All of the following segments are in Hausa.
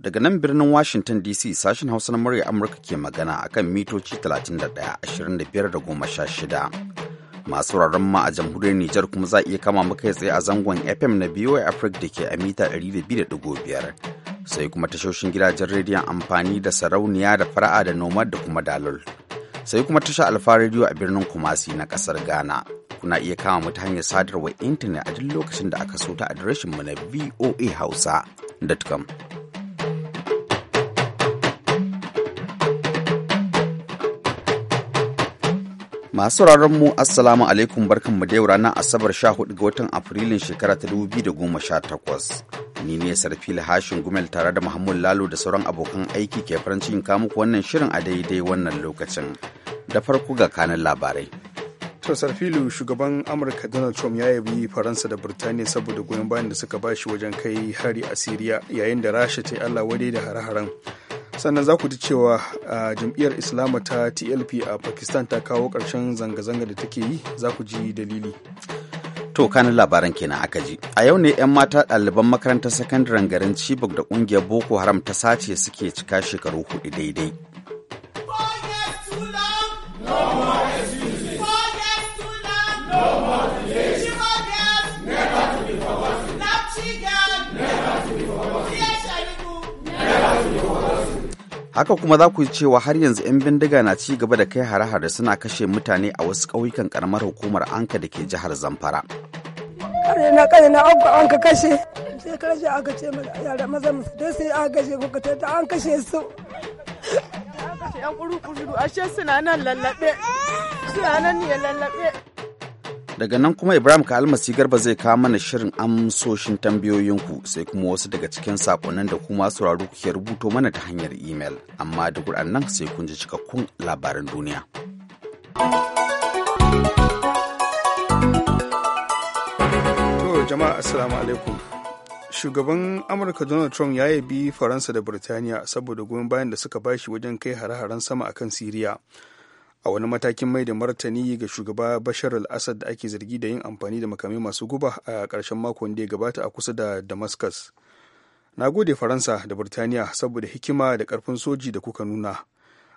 Daga nan birnin Washington DC sashen Hausa na murya Amurka ke magana a kan mitoci 31 shida Masu wuraren ma a jamhuriyar Nijar kuma za a iya kama maka tsaye a zangon FM na BOA Africa da ke a mita 200.5. Sai kuma tashoshin gidajen rediyon amfani da sarauniya da fara'a da nomad da kuma dalol. Sai kuma tasha Alfa rediyo a birnin Kumasi na kasar Ghana. Kuna iya kama mu ta hanyar sadarwar intanet a duk lokacin da aka so ta adireshin mu na voahausa.com. Masu sauraron mu Assalamu alaikum barkan mu yau ranar Asabar 14 ga watan Afrilun shekara ta 2018. Ni ne Sarfil Hashin Gumel tare da Muhammad Lalo da sauran abokan aiki ke farin cikin muku wannan shirin a daidai wannan lokacin. Da farko ga kanan labarai. To Sarfilu shugaban Amurka Donald Trump ya yabi Faransa da Birtaniya saboda goyon bayan da suka bashi wajen kai hari a Siriya yayin da Rasha ta Allah wadai da hare-haren. sannan za ku ji cewa a jam'iyyar islama ta tlp a pakistan ta kawo ƙarshen zanga-zanga da take yi za ku ji dalili to kanin labaran kenan aka ji a yau ne 'yan mata ɗaliban makarantar sakandaren garin chibok da ƙungiyar boko haram ta sace suke cika shekaru hudu daidai haka kuma za ku cewa har yanzu 'yan bindiga na ci gaba da kai hare-hare suna kashe mutane a wasu ƙauyukan karamar hukumar anka da ke jihar zamfara kare na kare na an ka kashe sai kashe sai an kashe kuka ta an kashe su ashe suna nan lallaɓe suna nan ne lallaɓe daga nan kuma ibrahim kalmasi garba zai kawo mana shirin amsoshin tambayoyinku sai kuma wasu daga cikin sakonnin da kuma sauraro kuke rubuto mana ta hanyar imel amma da kuɗan nan sai kun ji cikakkun labaran duniya jama'a shugaban amurka donald trump ya yabi faransa da birtaniya saboda goyon bayan da suka bashi wajen kai hare-haren sama akan siriya a wani matakin mai da martani ga shugaba bashar al-assad da ake zargi da yin amfani da makamai masu guba a ƙarshen makon da ya gabata a kusa da damascus na gode faransa da birtaniya saboda hikima da ƙarfin soji da kuka nuna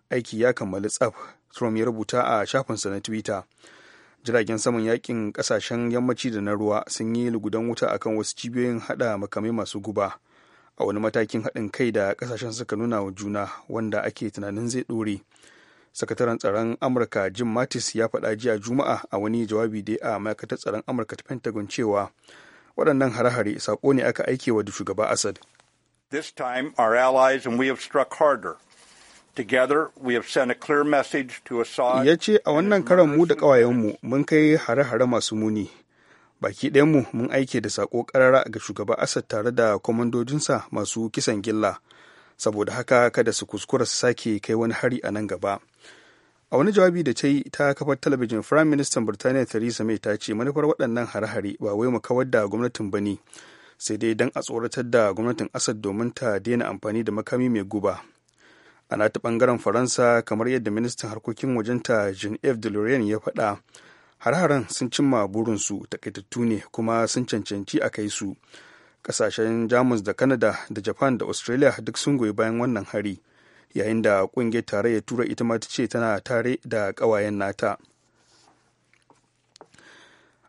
aiki ya kammali tsaf trump ya rubuta a shafinsa na twitter jiragen saman yakin kasashen yammaci da na ruwa sun yi lugudan wuta akan wasu cibiyoyin hada makamai masu guba a wani matakin haɗin kai da kasashen suka nuna wa juna wanda ake tunanin zai ɗore sakataren tsaron amurka jim mattis ya faɗa jiya juma'a a wani jawabi da a ma'aikatar tsaron amurka ta pentagon cewa waɗannan hare-hare saƙo ne aka aike wa shugaba assad this time our allies and we have struck harder Together, we sent a clear message to Ya ce, A wannan karan mu da ƙawayenmu mun kai hare-hare masu muni. Baki mu mun aike da sako karara ga shugaba Assad tare da kwamandojinsa masu kisan gilla. Saboda haka kada su kuskura su sake kai wani hari a nan gaba. a wani jawabi da ta yi ta kafar talabijin firayim ministan birtaniya theresa may ta ce manufar waɗannan hare-hare ba wai mu kawar da gwamnatin ba ne sai dai don a tsoratar da gwamnatin asad domin ta daina amfani da makami mai guba a nata ɓangaren faransa kamar yadda ministan harkokin wajenta jean f de ya faɗa hare haren sun cimma burinsu takaitattu ne kuma sun cancanci a kai su kasashen jamus da kanada da japan da australia duk sun goyi bayan wannan hari yayin da ƙungiyar tarayyar turai ita ma ta tana tare da ƙawayen nata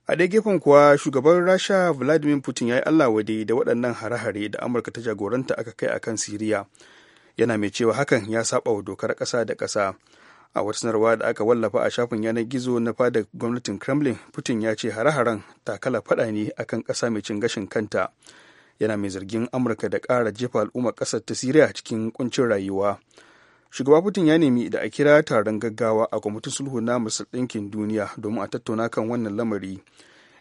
a ɗaya gefen kuwa shugaban rasha vladimir putin ya yi allah wade da waɗannan hare-hare da amurka ta jagoranta aka kai akan siriya yana mai cewa hakan ya saba wa dokar ƙasa da ƙasa a wata sanarwa da aka wallafa a shafin yanar gizo na fada gwamnatin kremlin putin ya ce hare-haren takala faɗa ne akan ƙasa mai cin gashin kanta yana mai zargin amurka da ƙara jefa al'ummar ƙasar ta siriya cikin ƙuncin rayuwa shugaba putin ya nemi da a kira taron gaggawa a kwamitin sulhu na masar ɗinkin duniya domin a tattauna kan wannan lamari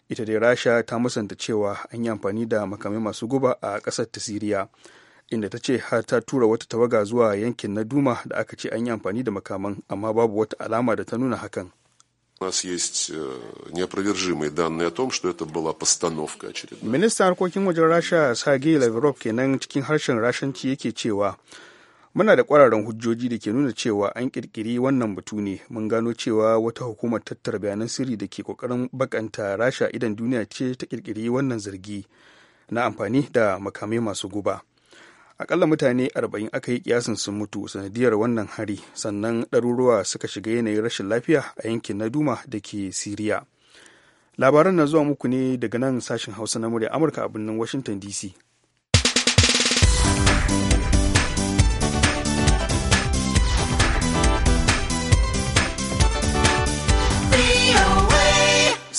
ita dai rasha ta musanta cewa an yi amfani da makamai masu guba a ƙasar ta siriya inda ta ce har ta tura wata tawaga zuwa yankin na duma da aka ce an yi amfani da makaman amma babu wata alama da ta nuna hakan ministan harkokin wajen Rasha Sergei Lavrov kenan cikin harshen Rashanci yake cewa muna da ƙwararren hujjoji da ke nuna cewa an ƙirƙiri wannan batu ne mun gano cewa wata hukumar tattara bayanan sirri da ke ƙoƙarin bakanta rasha idan duniya ce ta ƙirƙiri wannan zargi na amfani da makamai masu guba akalla mutane arba'in aka yi kiyasin sun mutu sanadiyar wannan hari sannan ɗaruruwa suka shiga yanayin rashin lafiya a yankin na duma da ke siriya labaran na zuwa muku ne daga nan sashen hausa na murya amurka a birnin washington dc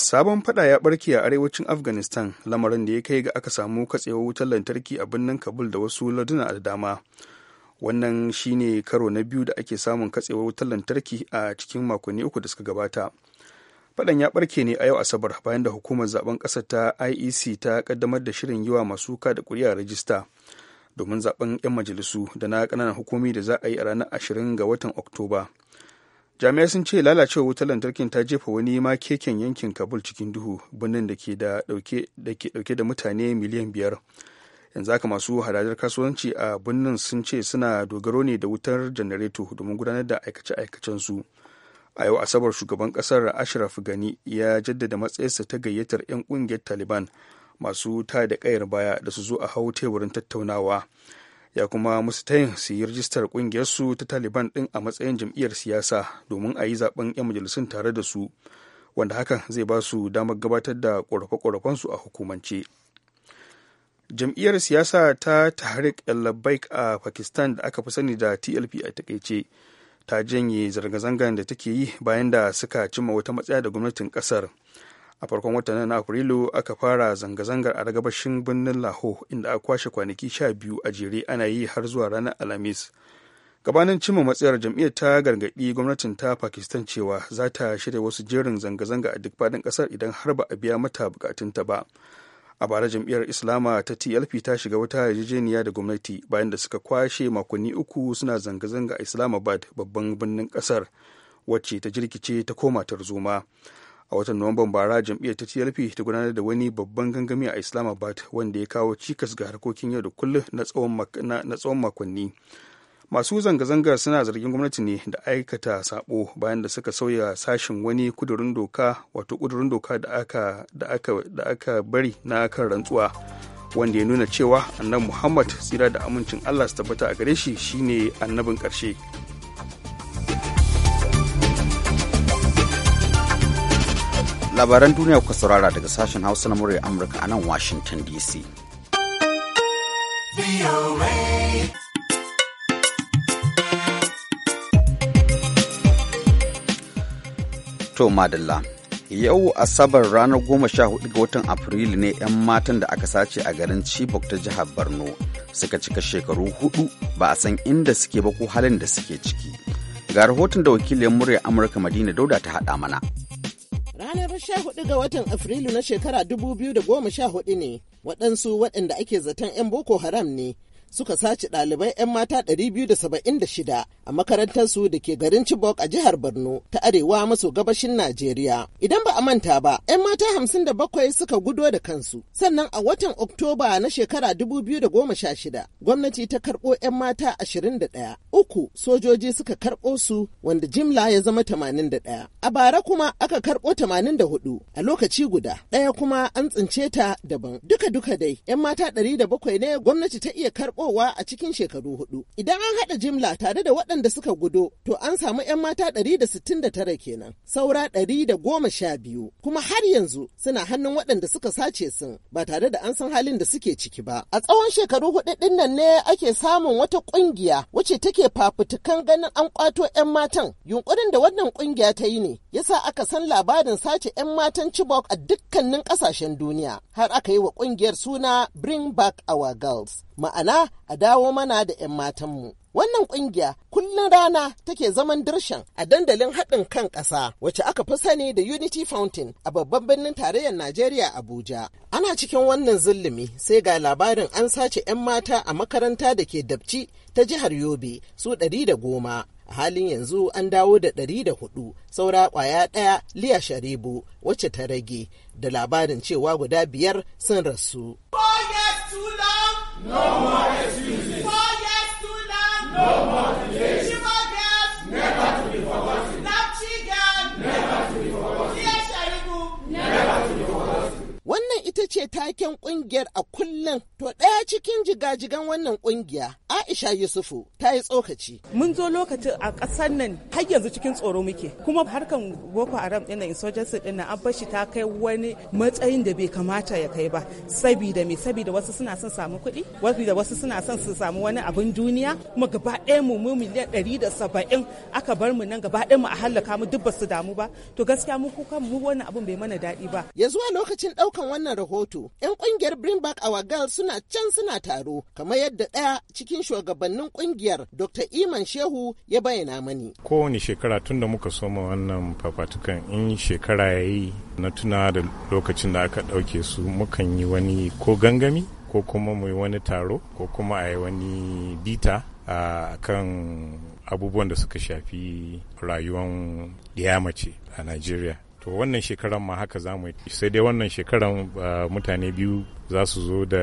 sabon fada ya barke a arewacin afghanistan lamarin da ya kai ga aka samu katsewar wutar lantarki a birnin kabul da wasu laduna da dama wannan shine karo na biyu da ake samun katsewar wutar lantarki a cikin makonni uku da suka gabata fadan ya barke ne a yau asabar bayan da hukumar zaben kasa ta iec ta kaddamar da shirin yiwa masu ka da kuri'a rajista domin zaben 'yan majalisu da na ƙananan hukumi da za a yi a ranar 20 ga watan oktoba jami'ai sun ce lalacewa wutar lantarkin ta jefa wani ma keken yankin kabul cikin duhu birnin da ke dauke da mutane miliyan biyar yanzu haka masu hadajar kasuwanci a birnin sun ce suna dogaro ne da wutar janareto domin gudanar da aikace-aikacen su a yau asabar shugaban kasar ashraf gani ya jaddada matsayinsa ta gayyatar 'yan kungiyar taliban masu ta da kayar baya da su zo a hau teburin tattaunawa ya kuma musu tayin su yi rijistar kungiyarsu ta taliban din a matsayin jam'iyyar siyasa domin a yi zaben 'yan majalisun tare da su wanda hakan zai ba su damar gabatar da ƙorafe-ƙorafensu a hukumance jam'iyyar siyasa ta tahrik labbaik a pakistan da aka fi sani da tlp a takaice ta janye zanga zangar da take yi bayan da suka cimma wata matsaya da gwamnatin kasar a farkon watan na afrilu aka fara zanga-zangar a gabashin birnin laho inda a kwashe kwanaki sha biyu a jere ana yi har zuwa ranar alhamis gabanin cimma matsayar jam'iyyar ta gargaɗi gwamnatin ta pakistan cewa za ta shirya wasu jerin zanga-zanga a duk faɗin ƙasar idan har ba a biya mata bukatunta ba a bara jam'iyyar islama ta tlp ta shiga wata yarjejeniya da gwamnati bayan da suka kwashe makonni uku suna zanga-zanga a islamabad babban birnin ƙasar wacce ta jirkice ta koma tarzoma a watan nuwamban bara jam'iyyar ta tlp ta gudanar da wani babban gangami a islamabad wanda ya kawo cikas ga harkokin yau da kullum na tsawon makonni masu zanga-zangar suna zargin gwamnati ne da aikata sabo bayan da suka sauya sashin wani kudurin doka wato kudurin doka da aka, bari na kan rantsuwa wanda ya nuna cewa annabi muhammad tsira da amincin allah su tabbata a gare shi shine annabin karshe. labaran duniya kuka saurara daga sashen hausa na murya amurka a nan washington dc to madalla yau asabar ranar goma sha hudu ga watan afrilu ne 'yan matan da aka sace a garin chibok ta jihar borno suka cika shekaru hudu ba a san inda suke ba ko halin da suke ciki ga rahoton da wakilin murya amurka madina dauda ta hada mana ranar 14 ga watan Afrilu na shekara 2014 ne waɗansu waɗanda ake zaton 'yan Boko Haram ne suka sace ɗalibai 'yan mata 276 a makarantarsu da ke garin Chibok a jihar Borno ta arewa maso gabashin Najeriya. Idan ba a manta ba, 'yan mata 57 suka gudo da kansu. Sannan a watan Oktoba na shekara 2016, gwamnati ta karɓo 'yan mata 21. Uku sojoji suka karɓo su wanda jimla ya zama 81. A bara kuma aka karɓo 84 a lokaci guda. Ɗaya kuma an tsince ta daban. Duka-duka dai, 'yan mata 107 ne gwamnati ta iya karɓo kowa a cikin shekaru hudu. Idan an haɗa jimla tare da waɗanda suka gudo, to an samu 'yan mata ɗari da da sittin tara kenan, saura ɗari da goma sha biyu kuma har yanzu suna hannun waɗanda suka sace sun ba tare da an san halin da suke ciki ba. A tsawon shekaru hudu ɗin nan ne ake samun wata ƙungiya wacce take fafutukan ganin an ƙwato 'yan matan. Yunƙurin da wannan ƙungiya ta yi ne yasa aka san labarin sace 'yan matan Chibok a dukkanin ƙasashen duniya har aka yi wa ƙungiyar suna Bring Back Our Girls. ma'ana a dawo mana da 'yan matanmu. Wannan ƙungiya kullum rana take zaman dirshan a dandalin haɗin kan ƙasa wacce aka fi sani da Unity Fountain a babban birnin tarayyar Najeriya Abuja. Ana cikin wannan zulumi sai ga labarin an sace 'yan mata a makaranta da ke Dabci ta jihar Yobe su ɗari da goma. a halin yanzu an dawo da ɗari da hudu saura kwaya ɗaya liya sharibu wacce ta rage da labarin cewa guda biyar sun rasu No more excuses. Four years too long. No more excuses. ita ce taken kungiyar a kullum. To ɗaya cikin jigajigan wannan kungiya Aisha Yusufu ta yi tsokaci. Mun zo lokacin a ƙasar nan har yanzu cikin tsoro muke kuma harkan Boko Haram ɗin nan insurgency ɗin nan an bashi ta kai wani matsayin da bai kamata ya kai ba sabida me saboda wasu suna son samu kuɗi wasu wasu suna son su samu wani abin duniya kuma gaba ɗaya mu mu miliyan ɗari da saba'in aka bar mu nan gaba ɗaya mu a hallaka mu duk basu damu ba to gaskiya mu kuka mu wani abin bai mana daɗi ba. Ya a lokacin ɗaukan wannan rahoto. 'Yan ƙungiyar Bring Back Our Girls suna can suna taro, kamar yadda ɗaya cikin shugabannin kungiyar Dr. Iman Shehu ya bayyana mani. Kowane shekara tun da muka soma wannan fafatukan in shekara ya yi na tuna da lokacin da aka ɗauke su mukan yi wani ko gangami ko kuma mu yi wani taro ko kuma a yi wani bita a kan abubuwan da suka shafi rayuwan mace a Najeriya. to wannan shekaran ma haka za mu yi sai dai wannan shekaran ah, mutane biyu za su zo da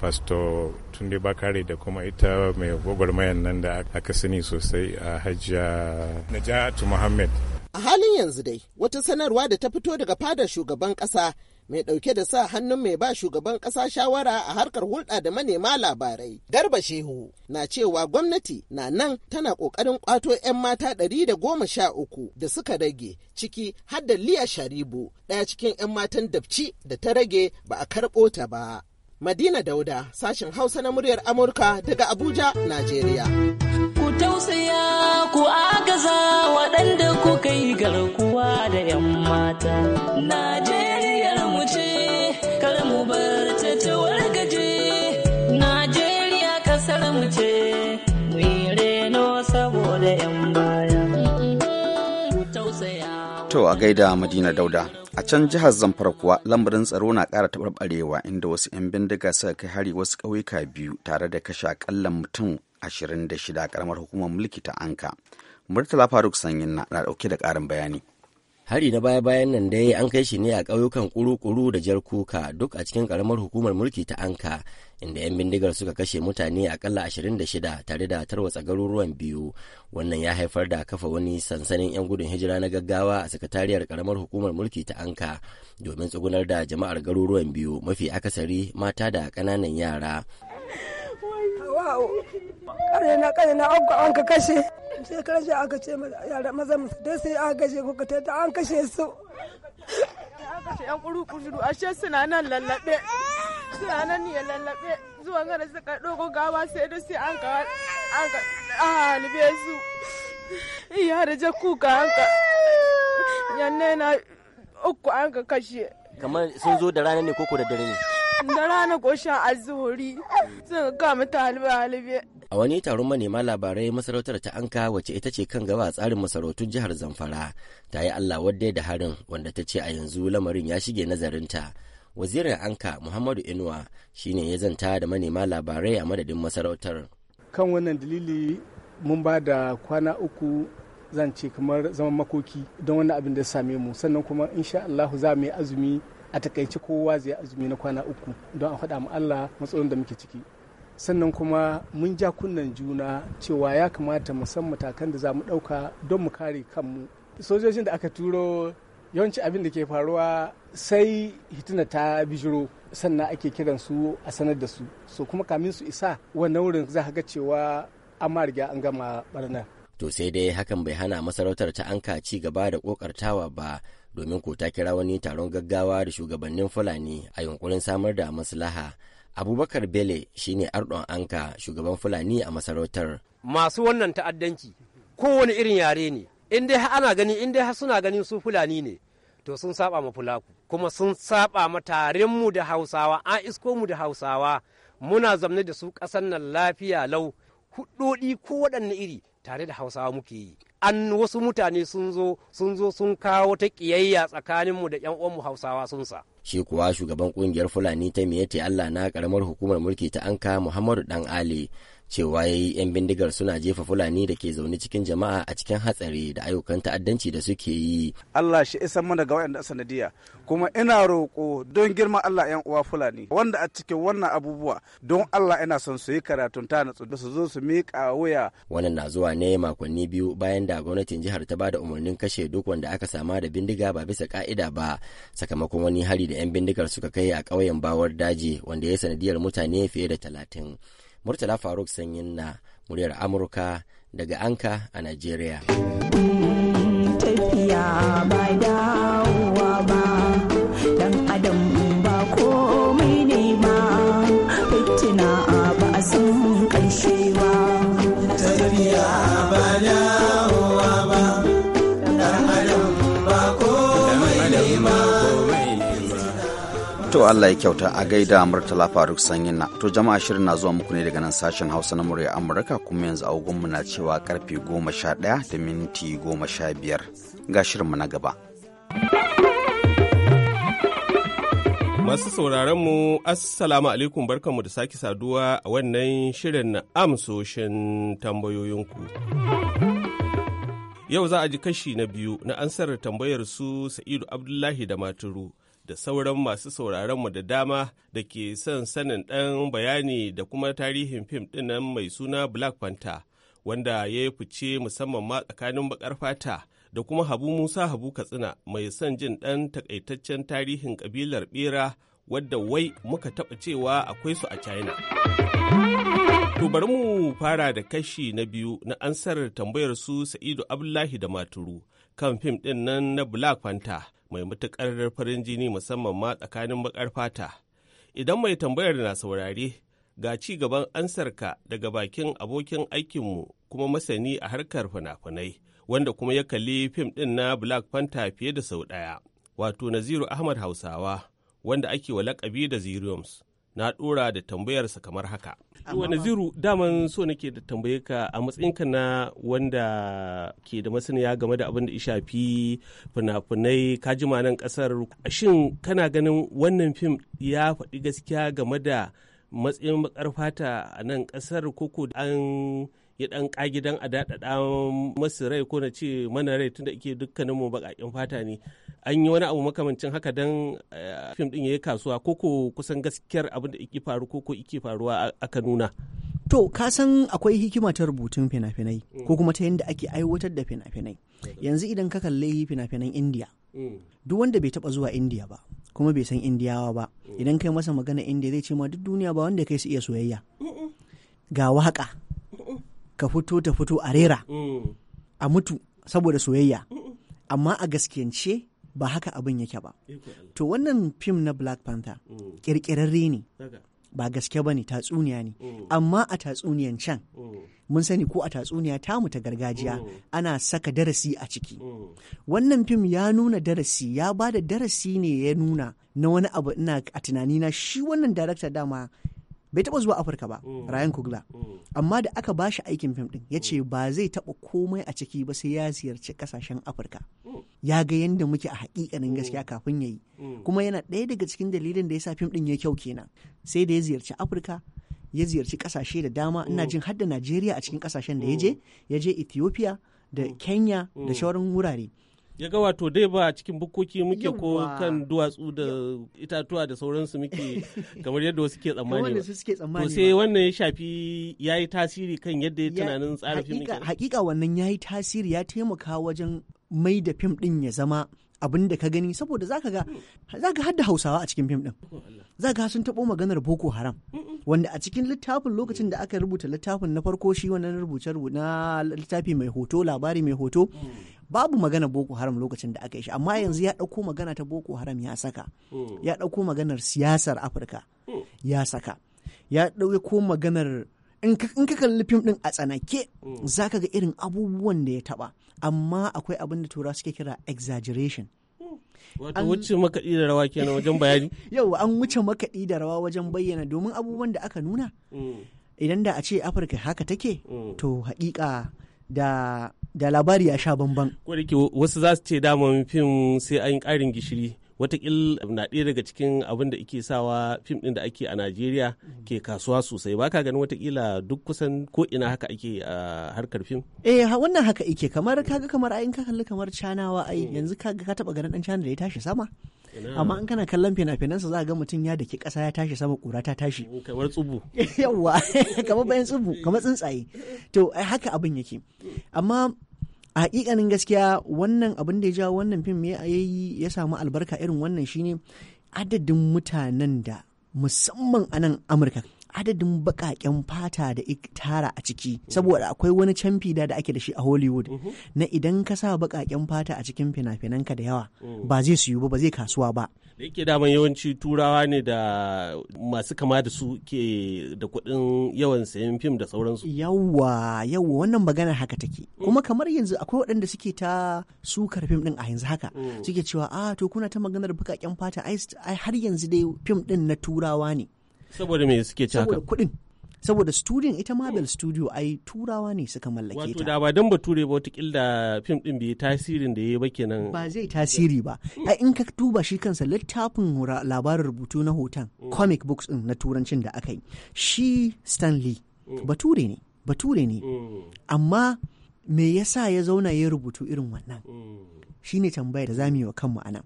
pastor tunde bakare da kuma ita mai gwagwarmayan nan da aka sani sosai a hajja najatu muhammad a halin yanzu dai wata sanarwa da ta fito daga fadar shugaban kasa mai ɗauke da sa hannun mai ba shugaban ƙasa shawara a harkar hulɗa da manema labarai garba shehu na cewa gwamnati na nan tana ƙoƙarin ƙwato 'yan mata ɗari da goma sha uku da suka rage ciki har da liya sharibu ɗaya cikin 'yan matan dabci da ta rage ba a karɓo ta ba madina dauda sashen hausa na muryar amurka daga abuja najeriya ku tausaya ku agaza waɗanda ku kai garkuwa da 'yan mata To a gaida Madina Dauda. A can jihar Zamfara kuwa lamarin tsaro na ƙara taɓarɓarewa inda wasu 'yan bindiga suka kai hari wasu ƙauyuka biyu tare da kashe aƙalla mutum 26 ƙaramar hukumar mulki ta Anka. Murtala Faruk Sanyin na ɗauke da ƙarin bayani. hari na baya-bayan nan dai an kai shi ne a ƙauyukan kuru-kuru da jar kuka duk a cikin ƙaramar hukumar mulki ta anka inda 'yan bindigar suka kashe mutane akalla 26 tare da tarwatsa garuruwan biyu wannan ya haifar da kafa wani sansanin 'yan gudun hijira na gaggawa a sakatariyar ƙaramar hukumar mulki ta anka domin tsugunar da jama'ar garuruwan biyu mafi akasari mata da ƙananan yara har na kai na agwa an ka kashe sai ka rashe aka ce yara maza musu dai sai aka kashe kuka ta an kashe su aka ce yan kuru kuru ashe suna nan lallabe suna nan ne lallabe zuwa gara suka dogo gawa sai da sai an ka an ka halbe su iya da kuka an ka yanne na uku an ka kashe kamar sun zo da rana ne koko da dare ne da rana ko shan azuhuri sun ka mutane halbe halbe A wani taron manema labarai masarautar ta Anka wacce ita ce kan gaba a tsarin masarautun jihar Zamfara ta yi Allah wadda da harin wanda ta ce a yanzu lamarin ya shige nazarinta. Wazirin Anka Muhammadu Inuwa shine ya zanta da manema labarai a madadin masarautar. Kan wannan dalili mun ba da kwana uku zan ce kamar zaman makoki don wani abin da same mu sannan kuma insha Allah za mu yi azumi a takaice kowa zai azumi na kwana uku don a faɗa mu Allah matsalolin da muke ciki sannan kuma mun ja kunnen juna cewa ya kamata mu san matakan da za mu ɗauka don mu kare kanmu sojojin da aka turo yawanci abin da ke faruwa sai hituna ta bijiro sannan ake kiran su a sanar da su so kuma kamin su isa wannan wurin za ka ga cewa an ma riga an gama barna. to sai dai hakan bai hana masarautar ta anka ci gaba da kokartawa ba domin ko ta kira wani taron gaggawa da shugabannin fulani a yunkurin samar da maslaha abubakar bele shine ardon anka shugaban fulani a masarautar masu wannan ta'addanci kowane irin yare ne in dai ana gani in dai suna ganin su fulani ne to sun saba ma fulaku kuma sun saba ma tarin mu da hausawa an isko mu da hausawa muna zamne da su kasan nan lafiya lau hudodi ko waɗanne iri tare da hausawa muke yi an wasu mutane sun zo sun zo sun kawo ta kiyayya tsakaninmu da 'yan uwanmu hausawa sun sa. Shi kuwa shugaban kungiyar Fulani ta Miyete Allah na karamar hukumar mulki ta Anka Muhammadu Dan Ali cewa ya yi 'yan bindigar suna jefa fulani da ke zaune cikin jama'a a cikin hatsari da ayyukan ta'addanci da suke yi. Allah shi isa mana ga waɗanda sanadiya kuma ina roƙo don girma Allah 'yan uwa fulani wanda a cikin wannan abubuwa don Allah ina son su yi karatun ta natsu da su zo su miƙa wuya. Wannan na zuwa ne makonni biyu bayan da gwamnatin jihar ta ba da umarnin kashe duk wanda aka sama da bindiga ba bisa ka'ida ba sakamakon wani hari da 'yan bindigar suka kai a ƙauyen bawar daji wanda ya sanadiyar mutane fiye da talatin. Murtala Faruk Sanyin na muryar Amurka daga Anka a Najeriya. Tafiya To Allah ya kyauta a gaida Murtala Faruk Sanyin na. To jama'a shirin na zuwa muku ne daga nan sashen Hausa na murya Amurka kuma yanzu a mu na cewa karfe goma sha ɗaya da minti goma sha biyar ga shirinmu na gaba. Masu sauraron mu Assalamu alaikum barkanmu da sake saduwa a wannan shirin amsoshin tambayoyinku. Yau za a ji kashi na biyu na ansar tambayar su Sa'idu Abdullahi da Maturu. da sauran masu sauraronmu da dama da ke son sanin ɗan bayani da kuma tarihin fim ɗinnan mai suna Black Panther wanda ya yi fice musamman ma tsakanin bakar fata da kuma Habu Musa Habu Katsina mai son jin ɗan takaitaccen tarihin ƙabilar Bera wadda wai muka taɓa cewa akwai su a China. To bari mu fara da kashi na biyu na ansar tambayar su Sa'idu Abdullahi da Maturu. kan fim ɗin nan na Black Panther mai matuƙar farin jini musamman ma tsakanin baƙar fata. Idan mai tambayar na saurare, ga ci gaban ansarka daga bakin abokin aikinmu kuma masani a harkar fina-finai, wanda kuma ya kalli fim ɗin na Black Panther fiye da sau ɗaya, wato Naziru Ahmad Hausawa, wanda ake wa lakabi da Ziriums. na ɗora da tambayarsa kamar haka. Wani ziru daman so nake da tambaye ka a matsayinka na wanda ke da masaniya game da abin da ya shafi fina-finai kajima nan kasar shin kana ganin wannan fim ya faɗi gaskiya game da matsayin bakar fata a nan kasar koko an ya dan kagidan a daɗaɗa masu rai ko na ce mana rai tunda ake dukkanin mu baƙaƙen fata ne an yi wani abu makamancin haka dan eh, fim din yayi kasuwa ko ko kusan gaskiyar abin da ike faru ko ko faruwa aka nuna to ka san akwai hikima ta rubutun fina-finai mm. ko kuma ta yadda ake aiwatar da fina-finai yanzu idan ka kalli fina-finan indiya mm. duk wanda bai taba zuwa indiya ba kuma bai san indiyawa ba mm. idan kai masa magana indiya zai ce ma duk duniya ba wanda kai su iya soyayya ga waka ka fito ta fito a rera mm. a mutu saboda soyayya amma a gaskiyance ba haka abin yake ba to wannan fim na black panther kirkirarre mm. ne ba gaske ba ne tatsuniya ne mm. amma a tatsuniyan can mun sani ko a tatsuniya tamu ta gargajiya ana saka darasi a ciki wannan fim ya nuna darasi ya ba da darasi ne ya nuna na wani abu ina a tunanina shi wannan darakta dama bai taba zuwa afirka ba mm. ryan kugla mm. amma da aka bashi aikin fim din ya ce mm. ba zai taba komai a ciki ba sai ya ziyarci kasashen afirka ya ga yadda muke a hakikanin gaskiya kafin ya yi kuma yana ɗaya daga cikin dalilin da ya sa fim din ya kyau kenan sai da ya ziyarci afirka ya ziyarci kasashe da dama ina jin har da najeriya a cikin kasashen da ya je ya je ethiopia da kenya da shauran wurare ya ga wato dai ba cikin bukoki muke ko kan duwatsu da itatuwa da sauransu muke kamar yadda wasu ke tsammani ba to sai wannan ya shafi ya yi tasiri kan yadda ya tunanin tsara fim hakika wannan ya yi tasiri ya taimaka wajen mai da fim din ya zama abin da ka gani saboda zaka ga zaka hadda hausawa a cikin fim din zaka sun tabo maganar boko haram wanda a cikin littafin lokacin da aka rubuta littafin na farko shi wannan rubuce na littafi mai hoto labari mai hoto babu magana boko haram lokacin da aka yi shi amma yanzu ya ɗauko magana ta boko haram ya saka hmm. ya ɗauko maganar siyasar afirka hmm. ya saka ya ɗauko maganar in ka kalli fim ɗin a tsanake hmm. za ka ga irin abubuwan da ya taɓa amma akwai abin da tura suke kira exaggeration Wato wuce makaɗi da rawa kenan wajen bayani? Yau an wuce makaɗi da rawa wajen bayyana domin abubuwan da aka nuna. Idan da a ce Afirka haka take, to haƙiƙa da da labari a sha bamban. Ko da ke wasu za su ce daman fim sai an ƙarin gishiri. Watakil na ɗaya daga cikin abin da ake sawa fim ɗin da ake a Najeriya ke kasuwa sosai ba ka ganin watakila duk kusan ko ina haka ake a harkar fim? Eh wannan haka ike kamar kaga kamar ayin ka kalli kamar canawa ai hmm. yanzu kaga ka taɓa ganin ɗan cana da ya tashi sama. amma in kana kallon fina-finansa za a ga mutum ya daki ƙasa ya tashi sama ƙura ta tashi hmm, kamar tsubu yawwa kamar bayan tsubu kamar tsuntsaye to haka abin yake amma a hakikanin gaskiya wannan abin da ya jawo wannan fim ya yi ya samu albarka irin wannan shine adadin mutanen da musamman a nan amurka adadin bakaken fata da tara a ciki saboda akwai wani fida da ake da shi a hollywood mhm. na idan ka sa bakaken fata a cikin fina-finanka da yawa mm. ba zai siyu ba ba zai kasuwa ba da yake daman yawanci turawa ne da masu kama da su ke da kuɗin yawan sayan fim da sauransu yawa yawa wannan magana haka take mm. kuma kamar yanzu akwai waɗanda suke ta sukar fim din a yanzu haka mm. suke cewa a ah, to kuna ta maganar bakaƙen fata ai har yanzu dai fim din na turawa ne saboda me suke ci haka saboda kuɗin saboda studio ita Marvel studio ai turawa ne suka mallake ta wato da ba dan bature ba wata killa fim din bai tasirin da yayi ba kenan ba zai tasiri ba ai in ka duba shi kansa littafin labarin rubutu na hoton mm. comic books din na turancin da aka yi shi Stanley mm. bature ne bature ne mm. amma me yasa ya zauna ya rubutu irin wannan shine tambayar da zamu yi wa kanmu anan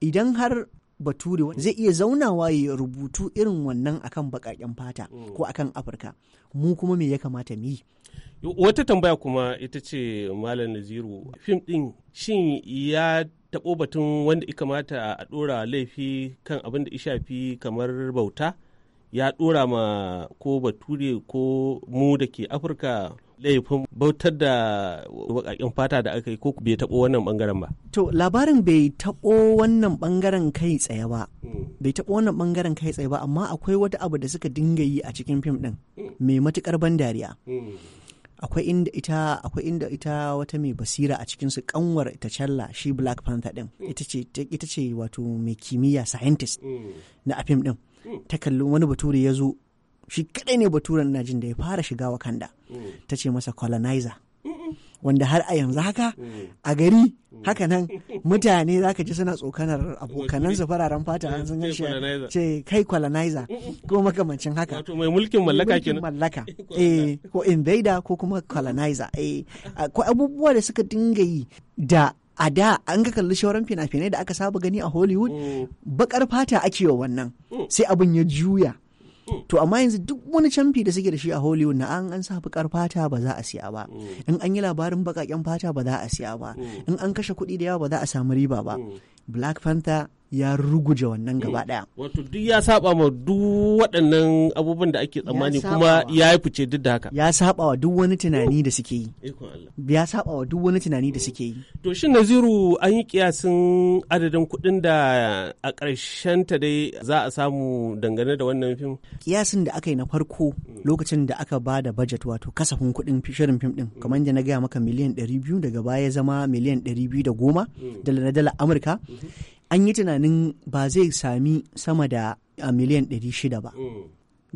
idan har bature zai iya zaunawa ya rubutu irin wannan akan bakaken fata mm. ko akan afirka mu kuma me ya kamata mu yi wata tambaya kuma ita ce malam naziru fim din shin ya tabo batun wanda ya kamata a ɗora laifi kan abin da ya shafi kamar bauta ya ɗora ma ko bature ko mu da ke afirka laifin bautar da wakakin fata da aka yi ko bai taɓo wannan bangaren ba. To labarin bai taɓo wannan bangaren kai tsaye ba. Hmm. Bai taɓo wannan bangaren kai tsaye ba amma akwai wata abu da suka dinga yi a cikin fim ɗin hmm. mai matukar ban dariya. Hmm. akwai inda ita akwai inda ita wata mai basira a cikin su kanwar ta challa shi black panther ɗin ita ce ita ce wato mai kimiyya scientist na a fim ɗin ta kalli wani bature ya zo shi kaɗai ne baturen na jin da ya fara shiga wakanda ta ce masa colonizer wanda har a yanzu haka a gari haka nan mutane za ka ji suna tsokanar abokanansu fararen fata an sun gan ce kai colonizer ko makamancin haka wato mai mulkin mallaka kenan mallaka eh ko invader ko kuma colonizer eh ko abubuwa da suka dinga yi da a da an ga kalli shawaran fina-finai da aka saba gani a hollywood mm. bakar fata ake wa wannan mm. sai abin ya juya to amma yanzu duk wani camfi da suke da shi a hollywood na an an sa bakar fata ba za a siya ba mm. in an yi labarin bakaken fata ba za a siya ba mm. in an kashe kuɗi da yawa ba za a samu riba ba mm. black panther ya ruguje wannan hmm. gaba daya. Wato duk ya saba ma duk waɗannan abubuwan da ake tsammani kuma ya yi fice duk da haka. Ya saba wa duk wani tunani da suke yi. Ya saba wa duk wani tunani da hmm. suke yi. To shin Naziru an yi kiyasin adadin kuɗin da a ƙarshen ta dai za a samu dangane da wannan fim? Kiyasin da aka yi na farko hmm. lokacin da aka ba da bajet wato kasafin kuɗin shirin fim ɗin kamar yadda na gaya maka miliyan ɗari biyu daga baya zama miliyan ɗari biyu da goma dala na dala Amurka. an yi tunanin ba zai sami sama da miliyan 600 ba mm.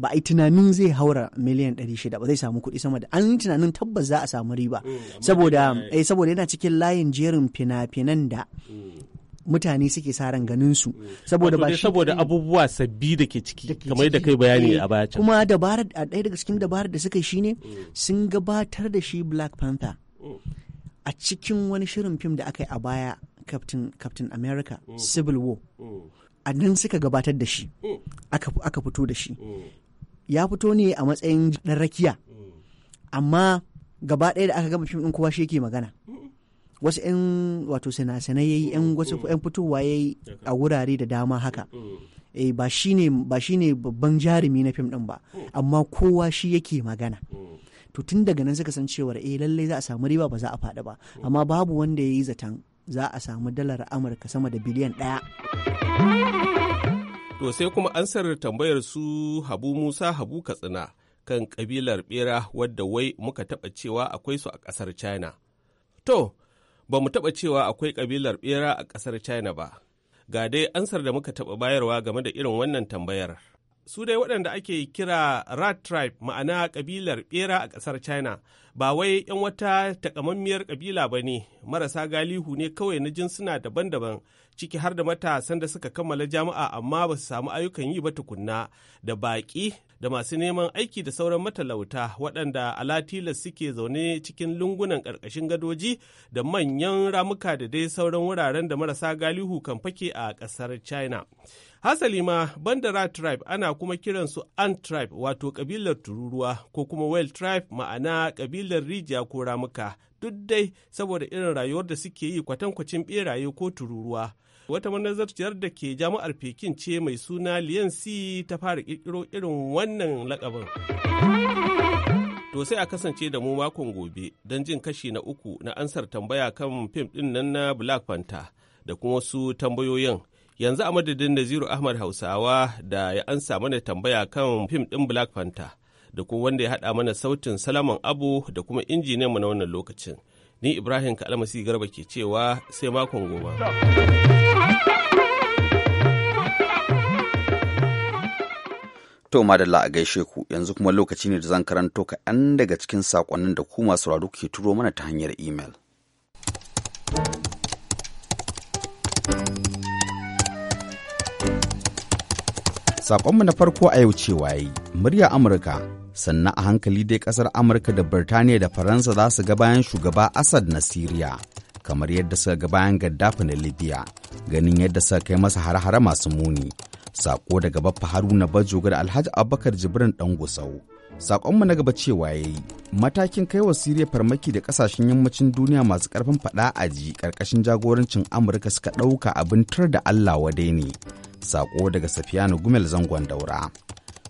ba a yi tunanin zai haura miliyan 600 ba zai samu kuɗi sama da an yi tunanin tabbas za a samu riba mm, saboda eh, saboda yana cikin layin jerin fina-finan da mm. mutane suke sa ran ganin su saboda ba saboda abubuwa sabbi da ke ciki kamar da kai bayani eh, a baya can. kuma dabarar a ɗaya daga cikin dabarar da suka yi shine sun gabatar da shi Black Panther a cikin wani shirin fim da aka yi a baya captain captain america mm. civil war mm. a nan suka gabatar da shi mm. aka fito da shi ya fito ne a matsayin ɗan rakiya amma gaba ɗaya da aka gama fim ɗin kowa shi yake magana wasu 'yan wato sinasinai ya yi 'yan wasu 'yan fitowa ya yi a wurare da dama haka e, ba shi ne babban jarumi na fim ɗin ba amma kowa shi yake magana to tun daga nan suka san cewar eh lallai za a samu riba ba za a faɗi ba amma babu wanda ya yi zaton za a samu dalar amurka sama da biliyan ɗaya. to sai kuma ansar tambayar su habu musa habu katsina kan kabilar bera wadda wai muka taɓa cewa akwai su a ƙasar china to ba mu taɓa cewa akwai kabilar bera a ƙasar china ba ga dai ansar da muka taɓa bayarwa game da irin wannan tambayar su dai waɗanda ake kira rat tribe ma'ana kabilar bera a ƙasar china ba wai 'yan wata takamammiyar kabila ba ne marasa galihu ne kawai na jinsuna daban-daban ciki har da matasan da suka kammala jami'a amma ba su samu ayyukan yi ba tukunna da baƙi da masu neman aiki da sauran matalauta waɗanda alatila suke zaune cikin lungunan ƙarƙashin gadoji da manyan ramuka da dai sauran wuraren da marasa galihu kan fake a ƙasar china hasali ma rat tribe ana kuma kiransu ant tribe wato ƙabilar tururuwa ko kuma well tribe ma'ana ƙabilar silar rijiya ko ramuka duk dai saboda irin rayuwar da suke yi kwatankwacin beraye ko tururuwa. Wata manazarciyar da ke jami'ar Pekin ce mai suna Liyan ta fara kirkiro irin wannan lakabin. To sai a kasance da mu makon gobe don jin kashi na uku na ansar tambaya kan fim ɗin nan na Black Panther da kuma wasu tambayoyin. Yanzu a madadin Naziru Ahmad Hausawa da ya ansa mana tambaya kan fim ɗin Black Panther. da kuma wanda ya haɗa mana sautin salaman abu da kuma mu na wannan lokacin ni ibrahim kalmasi garba ke cewa sai makon goma to madalla a gaishe ku yanzu kuma lokaci ne da zan karanto kaɗan daga cikin saƙonnin da ku masu raro ke turo mana ta hanyar imel Saƙonmu na farko a yau cewa yi, murya Amurka sannan a hankali dai kasar amurka da birtaniya da faransa za su ga bayan shugaba assad na siriya kamar yadda suka ga bayan gaddafi na libya ganin yadda suka kai masa hare-hare masu muni sako daga baffa haruna bajo da alhaji abubakar jibrin dan gusau sakonmu na gaba cewa ya yi matakin kaiwa siriya farmaki da kasashen yammacin duniya masu karfin fada a ji karkashin jagorancin amurka suka dauka abin tar da allah wadai ne sako daga na gumel zangon daura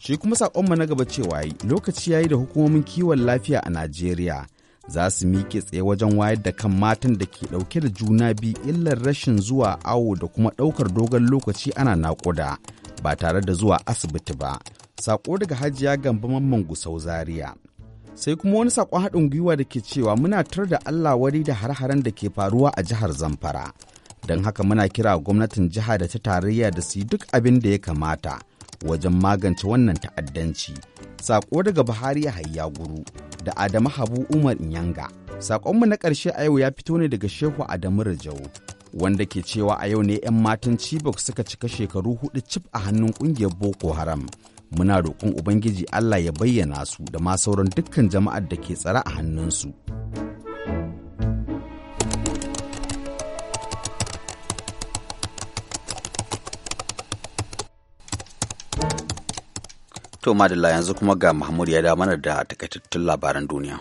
Shi kuma saƙonmu na gaba cewa lokaci yayi da hukumomin kiwon lafiya a Najeriya za su miƙe tsaye wajen wayar da kan matan da ke ɗauke da juna biyu illar rashin zuwa awo da kuma ɗaukar dogon lokaci ana naƙuda ba tare da zuwa asibiti ba. Saƙo daga Hajiya Gamba Mamman Gusau Zaria. Sai kuma wani saƙon haɗin gwiwa da ke cewa muna tar da Allah wari da har-haren da ke faruwa a jihar Zamfara. Don haka muna kira gwamnatin jiha da ta tarayya da su yi duk abin da ya kamata. wajen magance wannan ta'addanci. saƙo daga Buhari hayya Guru da Adamu Habu Umar Inyanga. saƙonmu na ƙarshe a yau ya fito ne daga Shehu Adamu Rajau. Wanda ke cewa a yau ne 'yan matan Chibok suka cika shekaru hudu cif a hannun ƙungiyar Boko Haram. Muna roƙon Ubangiji Allah ya bayyana su da ma sauran dukkan jama'ar da ke tsare a hannunsu. To madalla yanzu kuma ga Mahmud ya da mana da takaitattun labaran duniya.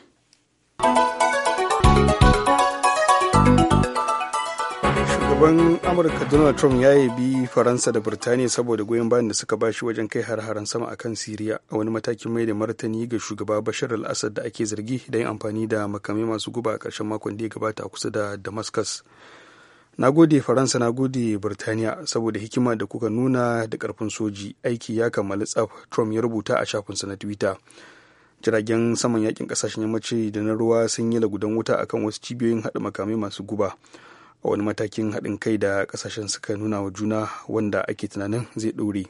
shugaban amurka donald trump ya yabi faransa da birtaniya saboda goyon bayan da suka bashi wajen kai har-haren sama akan siriya a wani matakin mai da martani ga shugaba bashar al-assad da ake zargi da yin amfani da makamai masu guba a ƙarshen makon da ya gabata a kusa da damascus na gode faransa na gode birtaniya saboda hikima da kuka nuna da karfin soji aiki ya kammala tsaf trump ya rubuta a shafinsa na twitter jiragen saman yakin kasashen yammaci da na ruwa sun yi lagudan wuta akan wasu cibiyoyin haɗa makamai masu guba a wani matakin haɗin kai da kasashen suka nuna wa juna wanda ake tunanin zai ɗore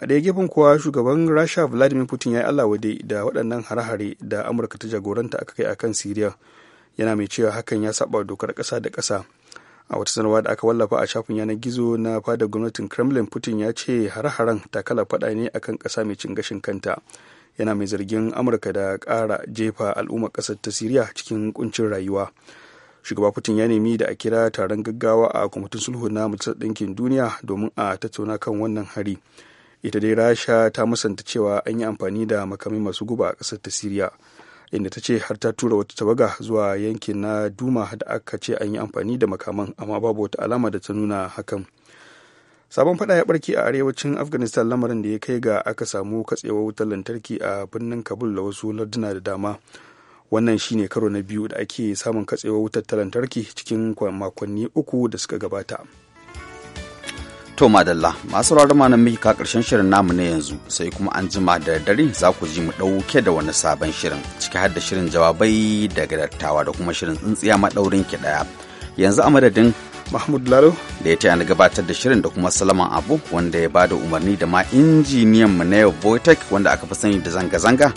a daya gefen kuwa shugaban rasha vladimir putin ya yi alawade da waɗannan hare-hare da amurka ta jagoranta aka kai akan siriya yana mai cewa hakan ya saba dokar ƙasa da ƙasa a wata sanarwa da aka wallafa a shafin yanar gizo na fadar gwamnatin kremlin putin ya ce har-haren takala fada ne akan kasa mai cin kanta yana mai zargin amurka da kara jefa al'ummar kasar ta siriya cikin kuncin rayuwa shugaba putin ya nemi da a kira taron gaggawa a kwamitin sulhu na majalisar ɗinkin duniya domin a tattauna kan wannan hari ita dai rasha ta musanta cewa an yi amfani da makamai masu guba a kasar ta siriya inda ta ce har ta tura wata tawaga zuwa yankin na duma da aka ce an yi amfani da makaman amma babu wata alama da ta nuna hakan sabon fada ya barke a arewacin afghanistan lamarin da ya kai ga aka samu katsewar wutar lantarki a birnin kabul da wasu larduna da dama wannan shine karo na biyu da ake samun katsewar wutar lantarki cikin makonni uku da suka gabata To madalla masu rawar mana miki ka karshen shirin namu na yanzu sai kuma an jima da dare za ku ji mu ɗauke da wani sabon shirin ciki har da shirin jawabai daga dattawa da kuma shirin tsintsiya maɗaurin ki ɗaya. Yanzu a madadin Mahmud Lalo da ya taya na gabatar da shirin da kuma Salaman Abu wanda ya bada umarni da ma injiniyan mu na yau Voitech wanda aka fi sani da zanga-zanga.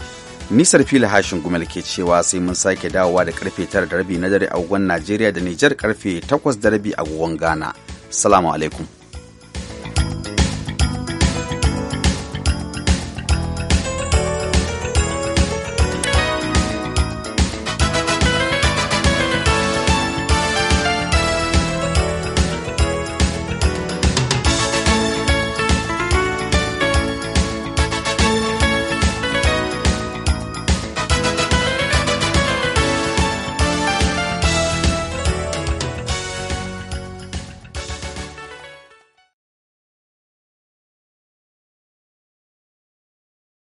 Nisar fili hashin gumel ke cewa sai mun sake dawowa da karfe tara da rabi na dare a Najeriya da Nijar karfe takwas da rabi a Ghana. Salamu alaikum.